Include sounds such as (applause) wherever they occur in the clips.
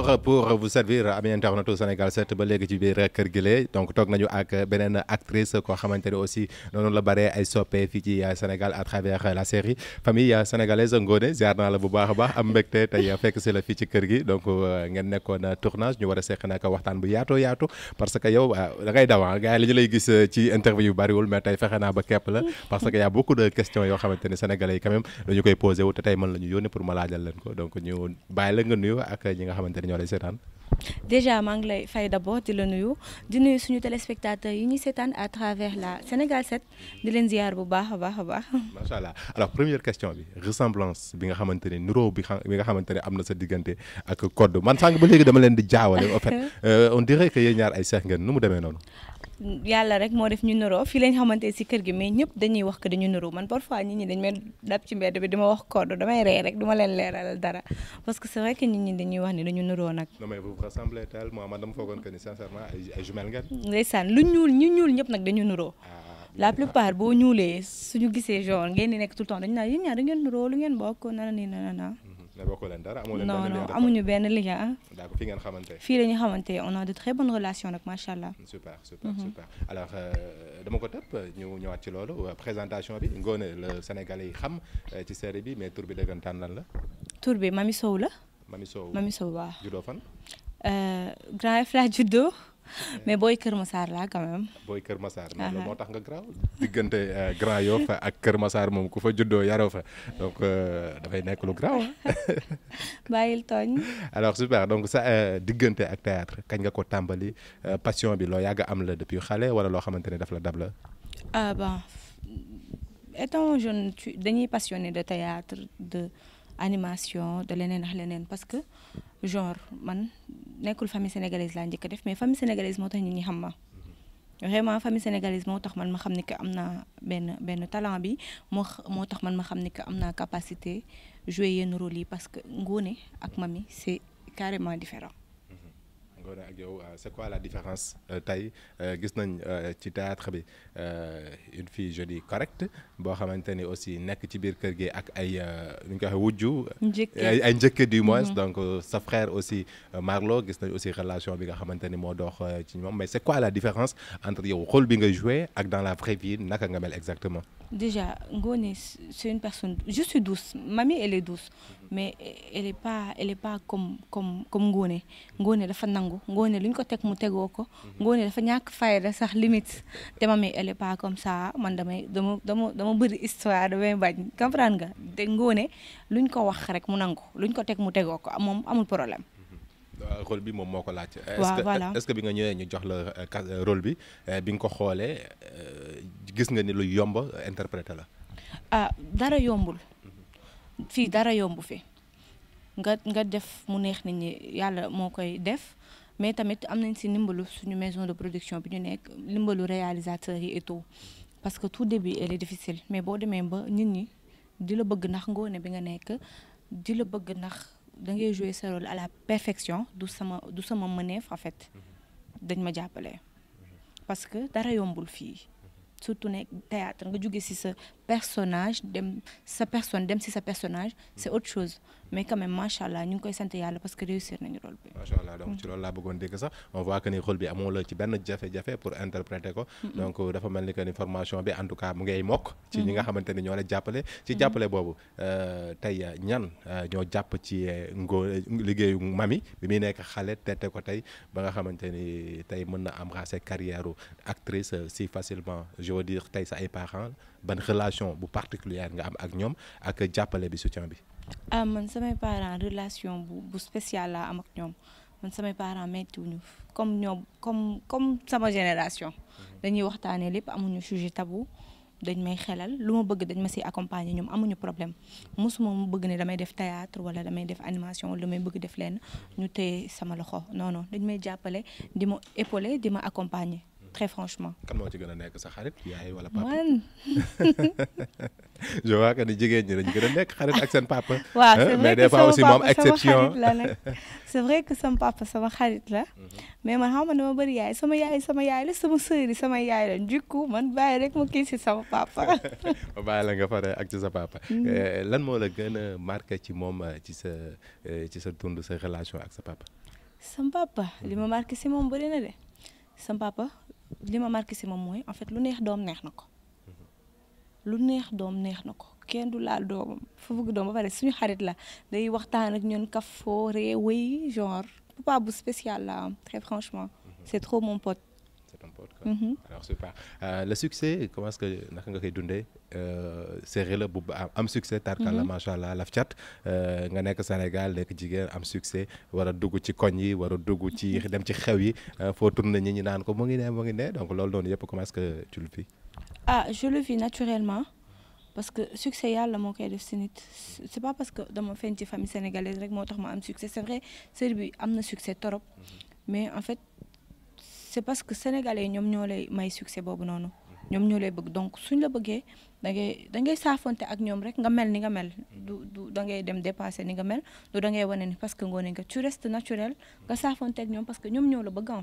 toujours pour vous servir amee internaute Sénégal 7 ba léegi ci biir kër gile donc toog nañu ak beneen actrice koo xamante aussi noonu la bare ay soppe fii ci Sénégal à travers la série famille sénégalaise Ngoné ziar naa la bu baax a baax am mbégte tey fekk si la fii ci kër gi donc euh, ngeen nekkoon tournage ñu war a seq nag waxtaan bu yaatoo yaatu parce que yow euh, da ngay dawan ah, gars euh, (laughs) a beaucoup de questions yoo xamante ne yi quand même koy posé te tey ñoo lay seetaan. déjà maa ngi lay fay d'abord di la nuyu di nuyu suñu téléspectateurs yi ñuy seetaan à travers la Sénégal 7 di leen ziar bu baax a baax a baax. macha allah alors première question bi ressemblance bi nga xamante ne nuroo bi xa bi nga xamante ne am na sa diggante ak code man sànq ba léegi dama leen di jaawale en fait (laughs) euh, on dirait que yéen ñaar ay seex ngeen nu mu demee noonu. yàlla rek moo def ñu nuroo fii lañ xamante si kër gi mais ñëpp dañuy wax que dañu nuroo man parfois nit ñi dañ may dab ci mbedd bi dama wax code damay ree rek duma leen leeral dara parce que c'est vrai que nit ñi wax ni dañu nuroo nag. non mais vous vous ressemblez tellement ñuul ñu ñuul ñëpp nag dañu nuroo. Ah, la plupart boo ñuulee suñu gisee genre ngeen di nekk tout le temps dañu naan yéen ñaar da ngeen nuroo lu ngeen bokk nana nii nana mm-hmm. ne bokkoo leen dara amuñu benn lien ah. d'accord fii ngeen xamante fii la ñu xamante on a de très bonnes relations nag macha allah. super super mhm. super alors euh, dama ko tëpp ñu ñëwaat ci loolu euh, présentation bi Ngoné le Sénégalais yi xam euh, ci série bi mais tur bi dëggantaan lan la. tur bi Mami Sow la. Mami Sow Mami Sow waaw. juddoo fan. Grand F la (laughs) mais booy Kër Massar laa quand booy Kër Massar. loolu moo tax nga graw diggante euh, Grand Yoff ak Kër Massar moom ku fa juddoo yaroo fa donc euh, dafay nekk lu graw (laughs) bàyyil tooñ. su (laughs) super donc sa euh, diggante ak théâtre kañ nga ko tàmbali passion bi loo yàgg am la depuis xale wala loo xamante ne daf la dab la. ah jeune dañuy passionné de théâtre de. animation de leneen ax leneen parce que genre man nekkul famille sénégalaise laa njëkk def mais famille sénégalaise moo tax nit ñi vraiment famille sénégalaise moo tax man ma xam ni que am na benn benn talent bi moo moo tax man ma xam ni que am naa capacité jouer yenn rôle yi parce que Ngoné ak Mamy c'est carrément différent Ngoné ak yow euh, c'est quoi la différence euh, tey euh, gis nañ ci théâtre bi une fille jolie correcte boo xamante ni aussi nekk ci biir kër gi ak ay nu ñu ko waxee wujju ay njëkk du mm-hmm. moins donc sa frère aussi Marlo gis nañ aussi relation bi nga xamante ni moo dox ci ñoom mais c'est quoi la différence entre yow rôle bi nga joué ak dans la vraie vie naka nga mel exactement déjà Ngoné c'est une personne je suis douce elle est douce mais eh, elle est pas elle est pas comme comme ngoone Ngone Ngone dafa nangu ngoone lu ñu ko teg mu tegoo ko ngoone dafa ñàkk fayda sax limite te mami elle est pas comme ça man damay dama dama dama bëri histoire damay bañ comprendre nga te Ngone lu ñu ko wax rek mu nangu lu ñu ko teg mu tegoo ko moom amul problème euh, rôle bi moom moo ko laaj. waaw voilà est-ce bi nga ñëwee ñu jox la euh, cas euh, rôle bi bi nga ko xoolee gis nga ni lu yomb interpréter la. ah dara yombul. fii dara yombu fi nga nga def mu neex nit ñi yàlla moo koy def mais tamit am nañ si ndimbalu suñu maison de production bi ñu nekk ndimbalu réalisateur yi et tout parce que tout début elle est difficile mais boo demee ba nit ñi di la bëgg ndax ngoone bi nga nekk di la bëgg ndax da ngay jouer sa rôle à la perfection du sama du sama mëneef a fait mhm. dañ ma jàppale mhm. parce que dara yombul fii mhm. surtout nekk théâtre nga jóge si sa personnage dem sa personne dem si sa personnage c' autre chose mais quand même macha allah ñu ngi koy sant yàlla parce que réussir nañu rôle bi. macha allah donc ci loolu laa bëggoon dégg sax on voit que ni rôle bi amoo la ci benn jafe-jafe pour interpréter ko. donc dafa mel ni que ni formation bi en tout cas mu ngay mokk. ci ñi nga xamante ni ñoo la jàppale. ci jàppale boobu euh, tey ñan euh, ñoo jàpp ci euh, ngoo liggéeyu mami bi muy nekk xale tette ko tey ba nga xamante ni tey mën na embrasser carrière actrice si facilement je veux dire ay parents relation bu particulière nga am ak ñoom ak jàppale bi soutien bi ah man samay parents relation bu bu spéciale laa am ak ñoom man samay parents méttiwuñu comme ñoom comme comme sama génération mhm. dañuy waxtaanee lépp amuñu sujet tabou dañ may xelal lu ma bëgg dañ ma si accompagner ñoom amuñu problème mosuma mu bëgg ne damay def théâtre wala damay def animation wala may bëgg def leen ñu téye sama loxo non dañ may jàppale di ma épauler di ma accompagner très franchement. kan moo ci gën a nekk sa xarit yaay wala papa man. (laughs) je vois jigéen ñi dañu gën a nekk ak seen papa. (laughs) waaw c'est vrai que sama papa sama xarit la vrai que sama sama xarit mais man xam nga dama bëri yaay sama sama yaay la sama sama yaay la man bàyyi rek kii si sama papa. (laughs) ma bàyyi la ak ci sa papa. Mhm. Eh, lan moo gën a ci moom ci sa eh, ci sa dund sa relation ak sa papa. sama na de sama papa. li ma marqué si moom mooy en fait lu neex doom neex na ko lu neex doom neex na ko kenn du laal doomam fa bëgg doom ba pare suñu xarit la day waxtaan ak ñun kaf foo ree wéy genre papa bu spécial la am très franchement mhm. c'est trop mon pote ton pote quoi. Mhm. alors super euh, le succès comment est-ce que naka nga koy dundee euh, séeréer la bu am succès. tarkalla macha mhm. allah laf cat euh, nga nekk Sénégal nekk jigéen am succès wara dugg ci koñ yi war a dugg ci mhm. dem ci xew yi foo tourné ñi ñi naan ko mu ngi ne mu ngi ne donc lool noonu yëpp comment est-ce que tu le vis. Ah, je le vis naturellement. parce que succès yàlla moo koy def si nit c'est pas parce que dama feeñ ci famille sénégalaise rek moo tax ma am succès c'est vrai série bi am na succès torop mais en fait c'est parce que sénégalais ñoom ñoo lay may succès boobu noonu ñoom ñoo lay bëgg donc suñ la bëggee da ngay da ngay saafonte ak ñoom rek nga mel ni nga mel du du da dem dépasser ni nga mel du da ngay wane ni parce que ngoone nga tu restes naturel nga saafonte ak ñoom parce que ñoom ñoo la bëgg en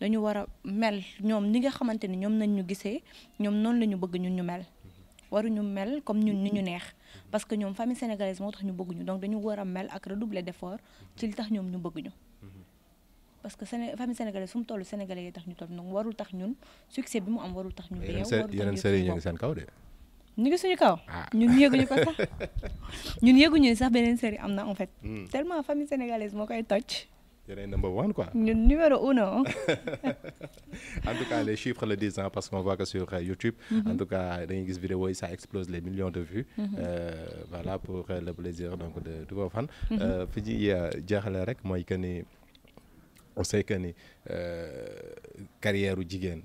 dañu war a mel ñoom ni nga xamante ni ñoom nañ ñu gisee ñoom noonu la ñu bëgg ñun ñu mel waruñu mel comme ñun ni ñu neex parce que ñoom famille sénégalaise moo tax ñu bëgg ñu donc dañu war a mel ak redoubler d'effort ci li tax ñoom ñu bëgg ñu parce que Séné famille sénégalaise fu toll sénégalais yi tax ñu toll donc warul tax ñun succès bi mu am warul tax ñu yeneen sëriñ yi ñu ngi seen kaw de ñu ngi suñu kaw ah. ñun yëguñu ko sax (laughs) ñun yëguñu sax beneen série am na en telement hmm. tellement famille sénégalaise moo koy toj You're number one, quoi. Numéro uno. (laughs) en tout cas, les chiffres le disent, hein, parce qu'on voit que sur euh, YouTube, mm -hmm. en tout cas, Ringis Vidéo, ça explose les millions de vues. Mm-hmm. Euh, voilà, pour euh, le plaisir donc, de, de vos fans. Mm-hmm. Euh, Fiji, Djahala Rek, moi, je on sait que carrière ou jigen,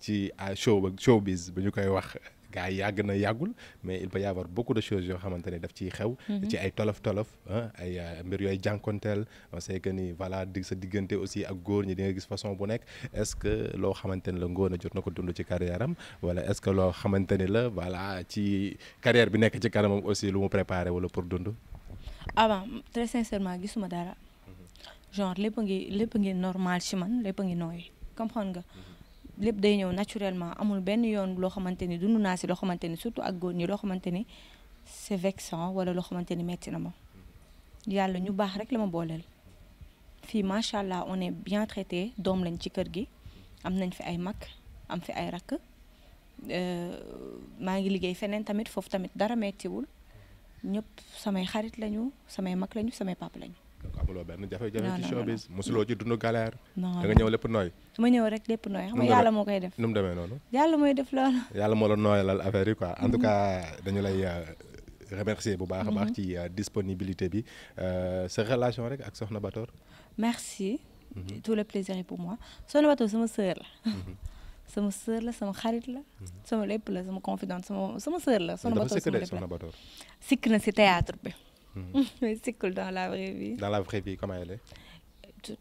ci showbiz, bu ñu koy wax. gars yi yàgg na yàggul mais il peut y avoir beaucoup de choses yoo xamante ne daf ciy xew mm-hmm. ci ay tolof tolof ah, ay euh, mbir yooyu jànkonteel on sait que ni voilà di sa diggante aussi ak góor ñi di nga gis façon bu nekk est loo xamante la Ngone jot na ko dund ci carrière am wala est la voilà ci carrière bi nekk ci kanamam aussi lu mu préparé wala pour dund avant ah très sincèrement gisuma dara mm-hmm. genre lépp ngi lépp ngi normal ci man lépp ngi nooy comprendre nga mm-hmm. lépp day ñëw naturellement amul benn yoon loo xamante ni dund naa si loo xamante ni surtout ak góor ñi loo xamante ni c'est vexant wala loo xamante ni metti na ma yàlla ñu baax rek la ma booleel fii macha allah on est bien traité doom lañ ci kër gi am nañ fi ay mag am fi ay rakk euh, maa ngi liggéey feneen tamit foofu tamit dara mettiwul ñëpp samay xarit lañu samay mag lañu samay pap lañu. donc amuloo benn jafe-jafe ci showbiz mosuloo ci dundu galère da nga ñëw lépp nooy ma ñëw rek lépp nooy xam yàlla moo koy def nu mu demee noonu yàlla mooy def loolu yàlla moo la nooyalal affaire yi ko en tout mhm. cas dañu lay euh, remercier bu baax a baax mhm. ci euh, disponibilité bi euh, sa relation rek ak Soxna Bator merci mhm. tout le plaisir est pour moi Soxna Bator sama sœur la (laughs) sama sœur la sama xarit la sama lépp la sama confidente sama sama sœur la Soxna Bator sikk na si théâtre bi (laughs) Mais c'est dans la vraie vie. Dans la vraie vie, comment elle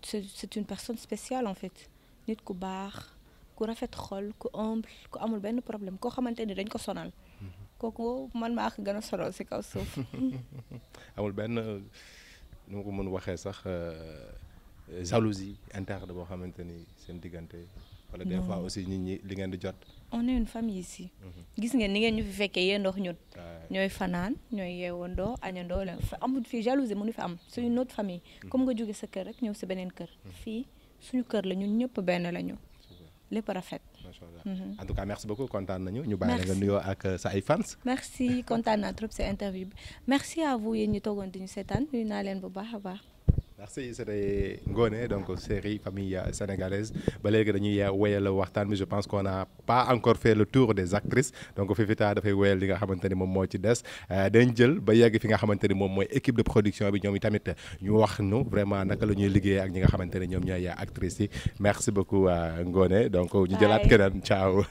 C'est une personne spéciale en fait. nit ku baax ku rafet xol ku humble ku amul benn problème koo xamante ni dañ ko sonal. Mhm. kooku man maa ko gën a sonal si kaw suuf. (laughs) amul benn nu ma ko mën waxee sax. Euh, Euh, jalousie interne boo xamante ni seen diggante. wala des fois aussi nit ñi li ngeen di jot. on est une famille ici. Mhm. gis ngeen ni ngeen ñu fi fekkee yéen ndox ñun. ñooy fanaan ñooy famille. Mhm. comme nga jóge sa kër rek ñëw si beneen kër. Mhm. fii suñu kër la ñun ñëpp benn la ñu. lépp rafet. macha allah en tout cas merci beaucoup kontaan nañu. ñu bàyyi la nga nuyoo ak euh, sa ay fans. merci kontaan naa trop sa interview bi merci à vous yéen ñu toogoon di ñu seetaan nuyu naa leen bu baax a baax. merci c'était Ngoné donc série famille sénégalaise ba léegi dañuy wéyal waxtaan bi je pense qu'on a pas encore fait le tour des actrices donc Fifita dafay wéyal li nga xamante ni moom moo ci des euh, dañ jël ba yegg fi nga xamante ni moom mooy équipe de production bi ñoom tamit ñu wax nu vraiment naka la ñuy liggéey ak ñi nga xamante ne ñoom ñooy actrices yi merci beaucoup euh, Ngoné donc ñu jëlaat keneen ciao